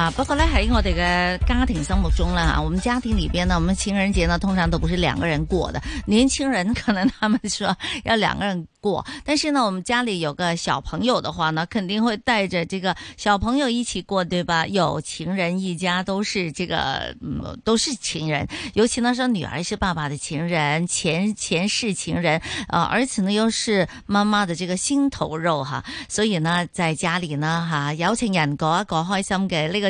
啊，不過呢，喺我哋嘅家庭生活中啦，啊，我們家庭裏邊呢，我們情人節呢通常都不是兩個人過的，年輕人可能他們說要兩個人過，但是呢，我們家裏有個小朋友的話呢，肯定會帶着這個小朋友一起過，對吧？有情人一家都是這個，嗯，都是情人，尤其呢，說女兒是爸爸的情人，前前世情人，啊、呃，兒子呢又是媽媽的這個心頭肉哈、啊，所以呢，在家裏呢，哈、啊，有情人過、啊、一個、這個開心嘅呢個。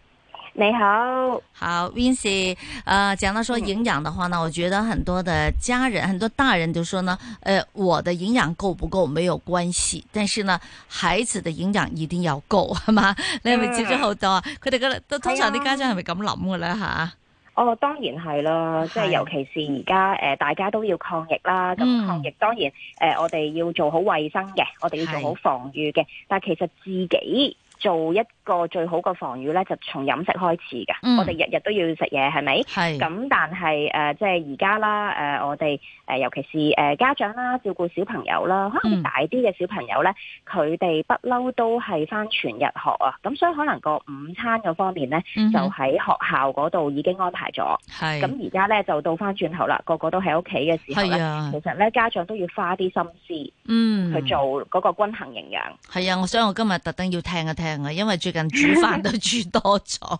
你好，好 Vincy，啊、呃、講到說營養的話呢，我覺得很多的家人，很多大人就說呢，誒、呃、我的營養夠不夠沒有關係，但是呢孩子的營養一定要夠，係嘛？你係咪接咗好多、嗯、是是啊？佢哋都通常啲家長係咪咁諗嘅咧吓？哦，當然係啦，即係是尤其是而家誒大家都要抗疫啦，咁抗疫當然誒、呃、我哋要做好衛生嘅，我哋要做好防禦嘅，是但係其實自己。做一個最好嘅防禦呢就從飲食開始嘅。嗯、我哋日日都要食嘢，係咪？係是。咁但係誒，即係而家啦，誒、呃、我哋誒尤其是誒家長啦，照顧小朋友啦，可能大啲嘅小朋友呢，佢哋不嬲都係返全日學啊。咁所以可能個午餐嘅方面呢，就喺學校嗰度已經安排咗。係、嗯。咁而家呢，就到返轉頭啦，個個都喺屋企嘅時候、啊、其實呢，家長都要花啲心思，嗯，去做嗰個均衡營養。係啊，所以我，想我今日特登要聽一，聽一聽。 因為最近煮飯都煮多咗，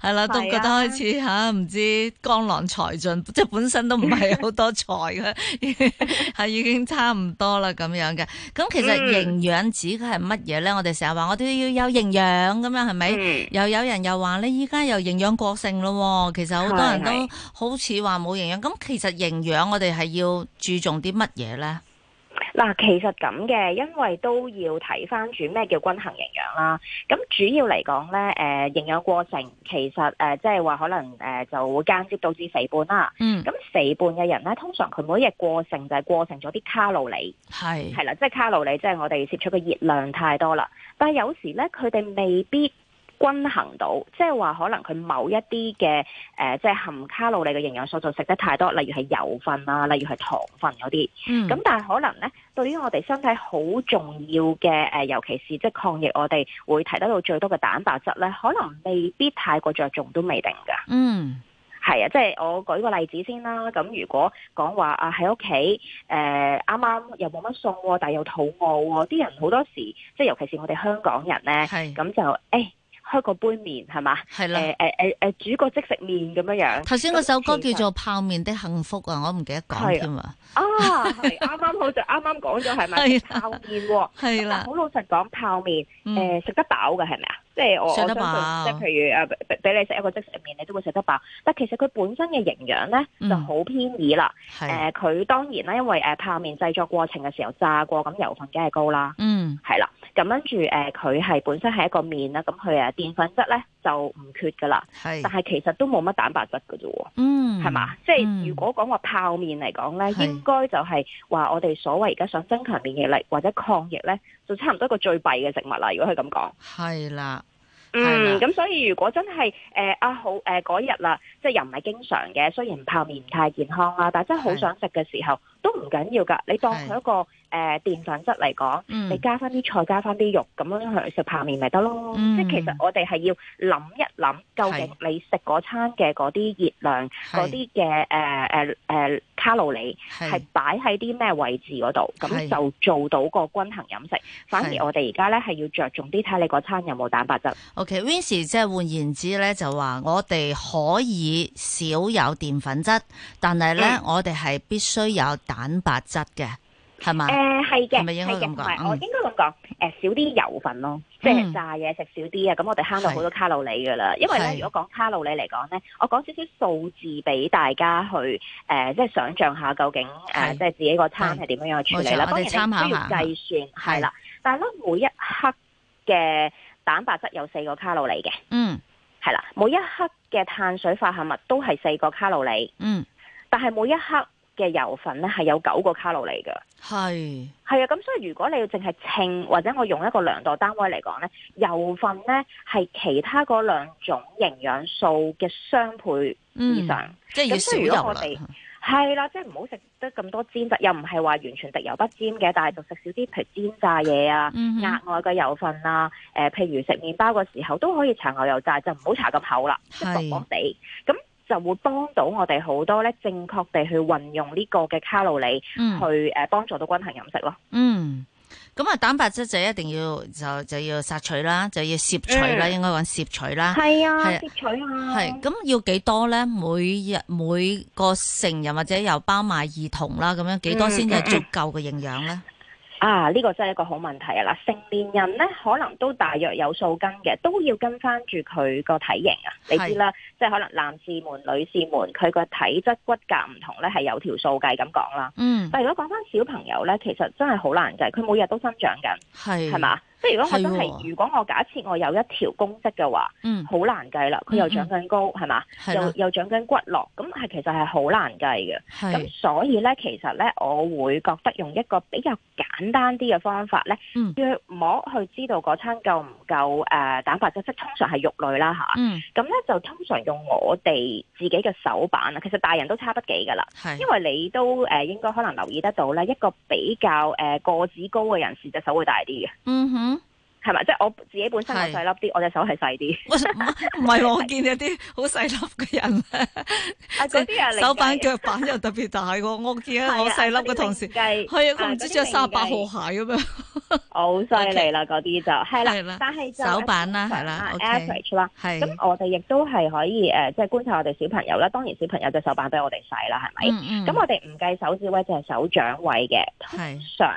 係啦、 啊，都覺得開始吓，唔、啊、知江郎才盡，即係本身都唔係好多才嘅，係 已經差唔多啦咁樣嘅。咁其實營養指嘅係乜嘢咧？我哋成日話我哋要有營養咁樣，係咪？嗯、又有人又話咧，依家又營養過剩咯。其實好多人都好似話冇營養。咁是其實營養我哋係要注重啲乜嘢咧？嗱，其實咁嘅，因為都要睇翻轉咩叫均衡營養啦。咁主要嚟講呢，誒、呃、營養過剩其實誒、呃、即係話可能誒、呃、就會間接導致肥胖啦。嗯，咁肥胖嘅人呢，通常佢每日過剩就係過剩咗啲卡路里。係是，係啦，即係卡路里，即、就、係、是、我哋攝取嘅熱量太多啦。但係有時呢，佢哋未必，均衡到，即係話可能佢某一啲嘅誒，即係含卡路里嘅營養素就食得太多，例如係油分啊，例如係糖分嗰啲。嗯。咁但係可能咧，對於我哋身體好重要嘅誒、呃，尤其是即係抗疫，我哋會提得到最多嘅蛋白質咧，可能未必太過着重都未定㗎。嗯。係啊，即係我舉個例子先啦。咁如果講話啊喺屋企誒，啱、呃、啱又冇乜餸，但係又肚餓，啲人好多時，即係尤其是我哋香港人咧，咁是對就誒。哎呃開個杯麵係嘛，誒誒誒誒煮個即食麵咁樣樣。頭先嗰首歌叫做《泡麵的幸福》啊，我唔記得講添啊。剛剛剛剛啊，係啱啱好就啱啱講咗係咪？泡麵係啦，好老實講，泡麵誒食得飽㗎係咪啊？即係我相信，即係譬如誒俾俾你食一個即食麵，你都會食得飽。但其實佢本身嘅營養咧、嗯、就好偏倚啦。誒的，佢、呃、當然啦，因為誒泡麵製作過程嘅時候炸過，咁油分梗係高啦。嗯，係啦。咁跟住誒，佢、呃、係本身係一個麵啦，咁佢誒澱粉質咧。就唔缺噶啦，是但係其實都冇乜蛋白質噶啫，嗯，係嘛？即係、嗯、如果講話泡麵嚟講咧，是應該就係話我哋所謂而家想增強免疫力或者抗疫咧，就差唔多一個最弊嘅食物啦。如果佢咁講，係啦，嗯，咁所以如果真係誒阿好誒嗰日啦，即係又唔係經常嘅，雖然泡麵唔太健康啦，但係真係好想食嘅時候。是都唔緊要㗎，你當佢一個誒是、呃、澱粉質嚟講，你加翻啲菜，加翻啲肉，咁樣去食泡麵咪得咯。嗯、即係其實我哋係要諗一諗，究竟你食嗰餐嘅嗰啲熱量、嗰啲嘅誒誒誒卡路里係擺喺啲咩位置嗰度，咁就做到個均衡飲食。反而我哋而家咧係要着重啲睇你嗰餐有冇蛋白質。OK，Wincy，即係換言之咧，就話我哋可以少有澱粉質，但係咧、嗯、我哋係必須有。蛋白質嘅係嘛？誒，係嘅，係嘅，唔係，我應該咁講，誒，少啲油份咯，即係炸嘢食少啲啊，咁我哋慳到好多卡路里噶啦。因為咧，如果講卡路里嚟講咧，我講少少數字俾大家去誒，即係想象下究竟誒，即係自己個餐係點樣樣去處理啦。我哋參考下計算係啦，但係咯，每一克嘅蛋白質有四個卡路里嘅。嗯，係啦，每一克嘅碳水化合物都係四個卡路里。嗯，但係每一克嘅油份咧係有九個卡路里嘅，係係啊，咁所以如果你要淨係稱或者我用一個量度單位嚟講咧，油份咧係其他嗰兩種營養素嘅雙倍以上。嗯、即係如果我哋，係啦，即係唔好食得咁多煎炸，又唔係話完全滴油不沾嘅，但係就食少啲譬如煎炸嘢啊，額、嗯、哼外嘅油份啊，誒、呃、譬如食麵包嘅時候都可以搽牛油炸，就唔好搽咁厚啦，即係薄薄地咁。是就會幫到我哋好多咧，正確地去運用呢個嘅卡路里，去誒幫助到均衡飲食咯、嗯。嗯，咁啊，蛋白質就一定要就就要攝取啦，就要攝取啦，嗯、應該講攝取啦。係啊，係攝取下、啊。係，咁要幾多咧？每日每個成人或者由包埋兒童啦，咁樣幾多先至足夠嘅營養咧？嗯嗯嗯啊！呢、這個真係一個好問題啊！啦，成年人咧可能都大約有數根嘅，都要跟翻住佢個體型啊。你知啦，是即係可能男士們、女士們佢個體質骨格唔同呢係有條數計咁講啦。嗯，但如果講翻小朋友呢，其實真係好難計，佢每日都生長緊，係嘛是？即係如果我真係，如果我假設我有一條公式嘅話，嗯，好難計啦。佢又長緊高係嘛？又又長緊骨骼，咁係其實係好難計嘅。咁所以咧，其實咧，我會覺得用一個比較簡單啲嘅方法咧，要去摸去知道嗰餐夠唔夠誒蛋白質即，通常係肉類啦吓。咁咧就通常用我哋自己嘅手板啊，其實大人都差不幾噶啦。因為你都誒應該可能留意得到咧，一個比較誒個子高嘅人士隻手會大啲嘅。嗯哼。係咪？即係我自己本身小小是我細粒啲，我隻手係細啲。唔係。 我見有啲好細粒嘅人，手板腳板又特別大喎。我見啊， 我細粒嘅同事，係啊，佢唔、哎、知着三十八號鞋咁樣。啊 好犀利啦，嗰啲、okay. okay. yeah, 就係、是、啦，但係就手板啦、啊，啦 average 啦，咁我哋亦都係可以誒，即係觀察我哋小朋友啦。當然小朋友嘅手板比、啊啊 okay. 嗯嗯嗯嗯、我哋細啦，係咪？咁我哋唔計手指位，就係手掌位嘅。通常誒、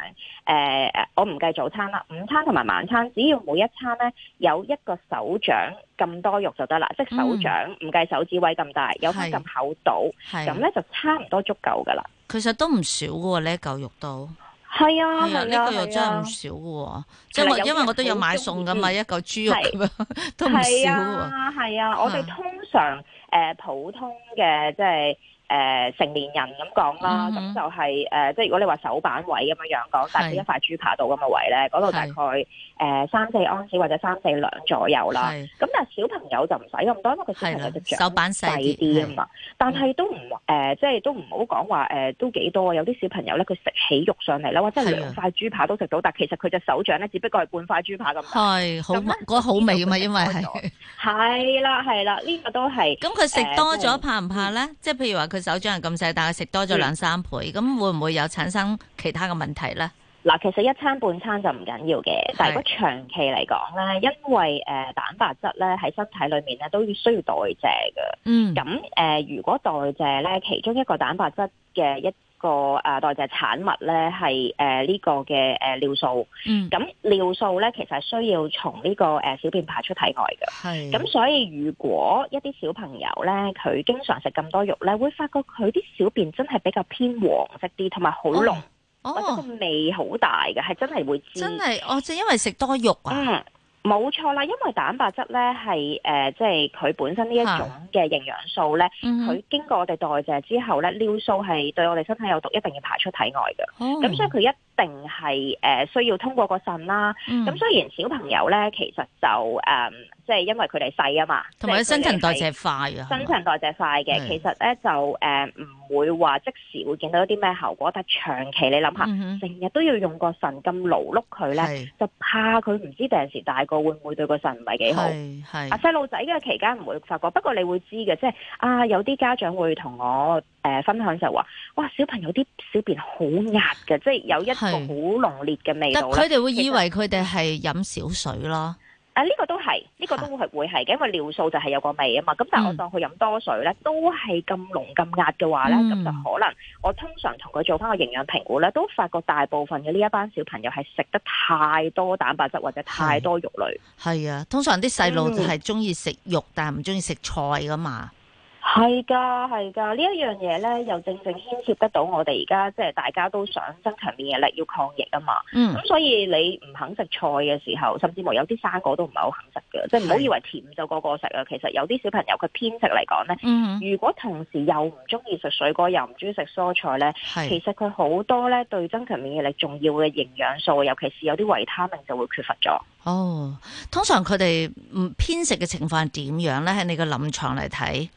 呃，我唔計早餐啦，午餐同埋晚餐，只要每一餐呢有一個手掌咁多肉就得啦，即、嗯、手掌唔計手指位咁大，有咁厚度，咁呢就差唔多足夠噶啦。其實都唔少喎、啊，呢一嚿肉都。係啊，係啊，呢、啊、個又真係唔少嘅、啊、喎，即係我因為我都有買餸嘅嘛，啊、一嚿豬肉、啊、都唔少啊，係啊，啊，我哋通常誒、呃、普通嘅即係。誒成年人咁講啦，咁就係誒，即係如果你話手板位咁樣樣講，大啲一塊豬扒度咁嘅位咧，嗰度大概誒三四安士或者三四兩左右啦。咁但係小朋友就唔使咁多，因為佢小朋友手板細啲啊嘛。但係都唔誒，即係都唔好講話誒，都幾多。有啲小朋友咧，佢食起肉上嚟啦，或者兩塊豬扒都食到，但其實佢隻手掌咧，只不過係半塊豬扒咁。係好乜嗰好味啊嘛，因為係係啦係啦，呢個都係。咁佢食多咗怕唔怕咧？即係譬如話。佢手掌係咁細，但係食多咗兩三倍，咁、嗯、會唔會有產生其他嘅問題呢？嗱，其實一餐半餐就唔緊要嘅，是但如果長期嚟講咧，因為誒蛋白質咧喺身體裏面咧都需要代謝嘅。嗯，咁誒如果代謝咧其中一個蛋白質嘅一個誒代謝產物咧係誒呢個嘅誒尿素。咁、嗯、尿素咧其實係需要從呢個誒小便排出體外嘅。係咁的所以如果一啲小朋友咧佢經常食咁多肉咧，會發覺佢啲小便真係比較偏黃色啲，同埋好濃，哦哦、或者個味好大嘅，係真係會知。真係，哦就因為食多肉啊。嗯冇錯啦，因為蛋白質咧係誒，即係佢本身呢一種嘅營養素咧，佢 經過我哋代謝之後咧，尿素係對我哋身體有毒，一定要排出體外嘅。咁、 嗯、所以佢一定係誒需要通過個腎啦。咁、嗯、雖然小朋友咧，其實就誒，即、嗯、係因為佢哋細啊嘛。同埋新陳代謝快啊，新陳代謝快嘅，的其實咧就誒唔會話即時會見到一啲咩效果，但係長期你諗下，成日、嗯、哼都要用個腎咁勞碌佢咧，的就怕佢唔知第時大個會唔會對個腎唔係幾好。係係的，細路仔嘅期間唔會發覺，不過你會知嘅，即係啊，啊有啲家長會同我。誒、呃、分享就話，哇！小朋友啲小便好壓嘅，即係有一個好濃烈嘅味道。佢哋會以為佢哋係飲少水咯。啊，呢、呃呢個都係，呢、呢個都係會係嘅，是因為尿素就係有個味啊嘛。咁但係我當佢飲多水咧，都係咁濃咁壓嘅話咧，咁、嗯、就可能我通常同佢做翻個營養評估咧，都發覺大部分嘅呢一班小朋友係食得太多蛋白質或者太多肉類。係啊，通常啲細路就係中意食肉，嗯、但係唔中意食菜噶嘛。係噶，係噶。呢一樣嘢咧，又正正牽涉得到我哋而家，即係大家都想增強免疫力，要抗疫啊嘛。咁、嗯、所以你唔肯食菜嘅時候，甚至乎有啲生果都唔係好肯食嘅，是即係唔好以為甜就個個食啊。其實有啲小朋友佢偏食嚟講咧，嗯、如果同時又唔中意食水果，又唔中意食蔬菜咧，是其實佢好多咧對增強免疫力重要嘅營養素，尤其是有啲維他命就會缺乏咗。哦，通常佢哋唔偏食嘅情況係點樣咧？喺你嘅臨床嚟睇？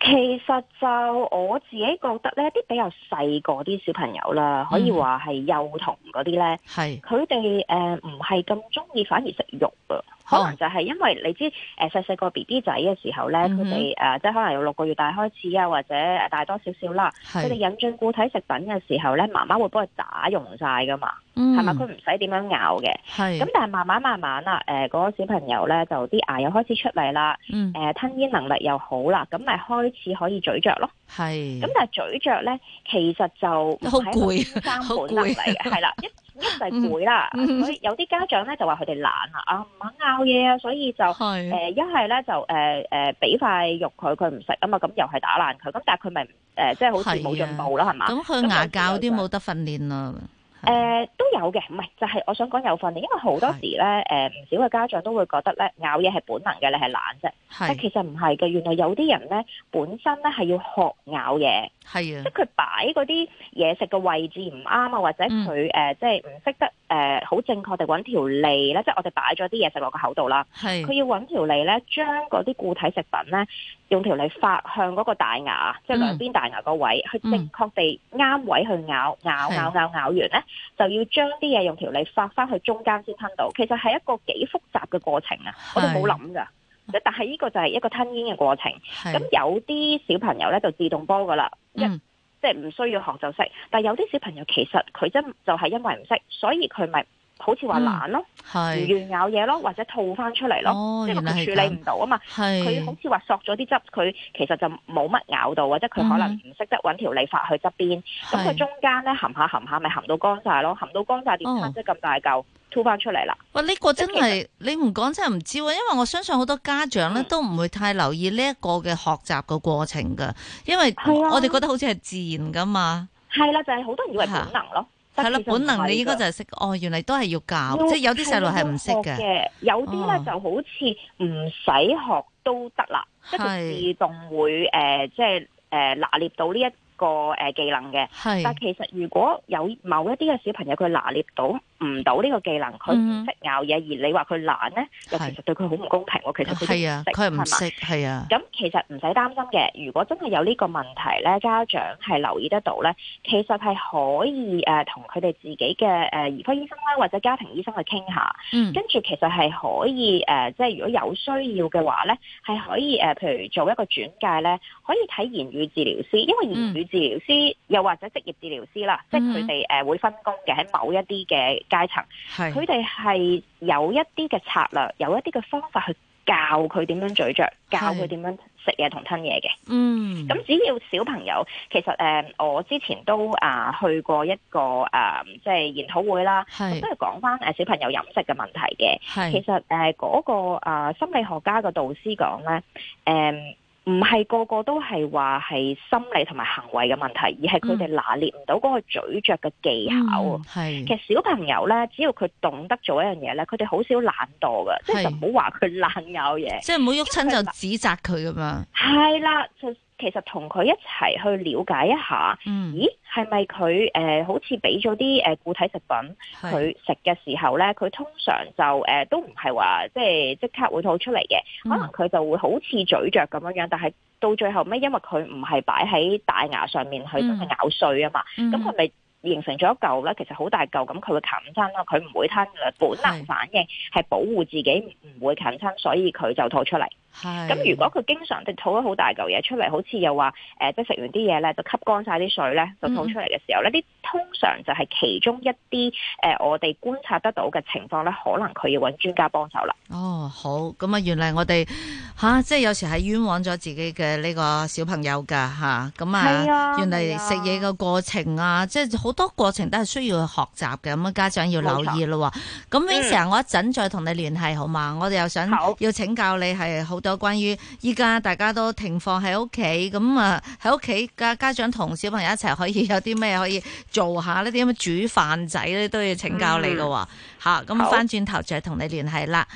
其實就我自己覺得咧，啲比較細個啲小朋友啦，可以話係幼童嗰啲咧，佢哋誒唔係咁中意，們的呃、反而食肉啊。Oh. 可能就係因為你知誒細細個 B B 仔嘅時候咧，佢哋誒即係可能有六個月大開始啊，或者大多少少啦，佢哋是引入固體食品嘅時候咧，媽媽會幫佢打溶晒㗎嘛，係嘛、mm？佢唔使點樣咬嘅，咁是、嗯、但係慢慢慢慢啦，誒、呃、嗰、那個小朋友咧就啲牙又開始出嚟啦，誒、mm hmm. 呃、吞咽能力又好啦，咁咪開始可以咀嚼咯。係，咁但係咀嚼咧，其實就好攰，好攰嘅，係啦，一一就攰啦。所以有啲家長咧就話佢哋懶啊，啊唔肯咬嘢啊，所以就誒一係咧就誒誒俾塊肉佢，佢唔食啊嘛，咁又係打爛佢，咁但係佢咪誒即係好似冇進步啦，係嘛？咁佢牙教啲冇得訓練啊。誒，都有嘅，唔係就係我想講有訓練，因為好多時咧，誒唔少嘅家長都會覺得咧，咬嘢係本能嘅，你係懶啫，但其實唔係嘅，原來有啲人咧本身咧係要學咬嘢，係啊，即係佢擺嗰啲嘢食嘅位置唔啱啊，或者佢誒即係唔識得誒好正確地揾條脷咧，即係我哋擺咗啲嘢食落個口度啦，係，佢要揾條脷咧，將嗰啲固體食品咧用條脷發向嗰個大牙，即係兩邊大牙個位去正確地啱位去咬咬咬咬，咬完咧，就要將啲嘢用條脷發翻去中間先吞到，其實係一個幾複雜嘅過程啊！是我都冇諗噶，即但係呢個就係一個吞嚥嘅過程。咁是有啲小朋友咧就自動波噶啦，即係唔需要學就識，但係有啲小朋友其實佢真就係因為唔識，所以佢咪，好似話懶咯，唔願、嗯、咬嘢咯，或者吐翻出嚟咯，即係佢處理唔到啊嘛。佢好似話索咗啲汁，佢其實就冇乜咬到，或者佢可能唔識得揾條理發去側邊。咁佢、嗯、中間咧含下含下，咪含到乾晒咯，含到乾晒點差即咁大嚿、哦、吐翻出嚟啦。喂、啊，呢、這個真係你唔講真係唔知喎，因為我相信好多家長咧都唔會太留意呢一個嘅學習嘅過程噶，因為我哋覺得好似係自然噶嘛。係啦、啊，就係、是、好多人以為本能咯。係啦，本能你應該就係識，哦，原嚟都係要教，嗯、即係有啲細路係唔識嘅。有啲咧就好似唔使學都得啦，即係、哦、自動會誒，即係誒拿捏到呢一個誒技能嘅。係。但其實如果有某一啲嘅小朋友佢拿捏到唔到呢個技能，佢唔識咬嘢，而你話佢懶呢，又其實對佢好唔公平喎。的其實佢識，佢唔識，係啊。咁其實唔使擔心嘅。如果真係有呢個問題呢，家長係留意得到呢，其實係可以誒同佢哋自己嘅誒兒科醫生啦，或者家庭醫生去傾下。嗯、跟住其實係可以誒，即、呃、係如果有需要嘅話呢，係可以誒、呃，譬如做一個轉介呢，可以睇言語治療師，因為言語治療師、嗯、又或者職業治療師啦，嗯、即係佢哋誒會分工嘅喺某一啲嘅階層，佢哋係有一啲嘅策略，有一啲嘅方法去教佢點樣咀嚼，教佢點樣食嘢同吞嘢嘅。嗯，咁只要小朋友，其實誒、呃，我之前都啊、呃、去過一個誒、呃，即係研討會啦。係是，不如講翻誒小朋友飲食嘅問題嘅。是其實誒嗰、呃那個誒、呃、心理學家個導師講呢。誒、呃。唔係個個都係話係心理同埋行為嘅問題，而係佢哋拿捏唔到嗰個咀嚼嘅技巧。係、嗯、其實小朋友咧，只要佢懂得做一樣嘢咧，佢哋好少懶惰㗎，是即係唔好話佢懶咬嘢，即係唔好喐親就指責佢咁樣。係啦。其實同佢一齊去了解一下，嗯、咦，係咪佢誒好似俾咗啲誒固體食品佢食嘅時候咧，佢通常就誒、呃、都唔係話即係即，即刻會吐出嚟嘅，可能佢就會好似咀嚼咁樣樣，但係到最後咩，因為佢唔係擺喺大牙上面去真係咬碎啊嘛，咁佢咪，形成咗一嚿咧，其實好大嚿，咁佢會冚身咯，佢唔會吞嘅，是本能反應係保護自己唔會冚身，所以佢就吐出嚟。咁是如果佢經常定吐咗好大嚿嘢出嚟，好似又話誒，即係食完啲嘢咧就吸乾晒啲水咧就吐出嚟嘅時候咧，啲、嗯、通常就係其中一啲誒、呃，我哋觀察得到嘅情況咧，可能佢要搵專家幫手啦。哦，好，咁啊，原來我哋。吓、啊，即係有時係冤枉咗自己嘅呢個小朋友噶吓，咁啊，啊啊原嚟食嘢嘅過程啊，啊即係好多過程都係需要學習嘅，咁啊家長要留意咯。咁 v i 我一陣再同你聯繫好嘛？我哋又想要請教你係好多關於依家大家都停放喺屋企，咁啊喺屋企家家長同小朋友一齊可以有啲咩可以做下呢？啲咁煮飯仔咧都要請教你嘅。好、嗯，咁翻轉頭再同你聯繫啦。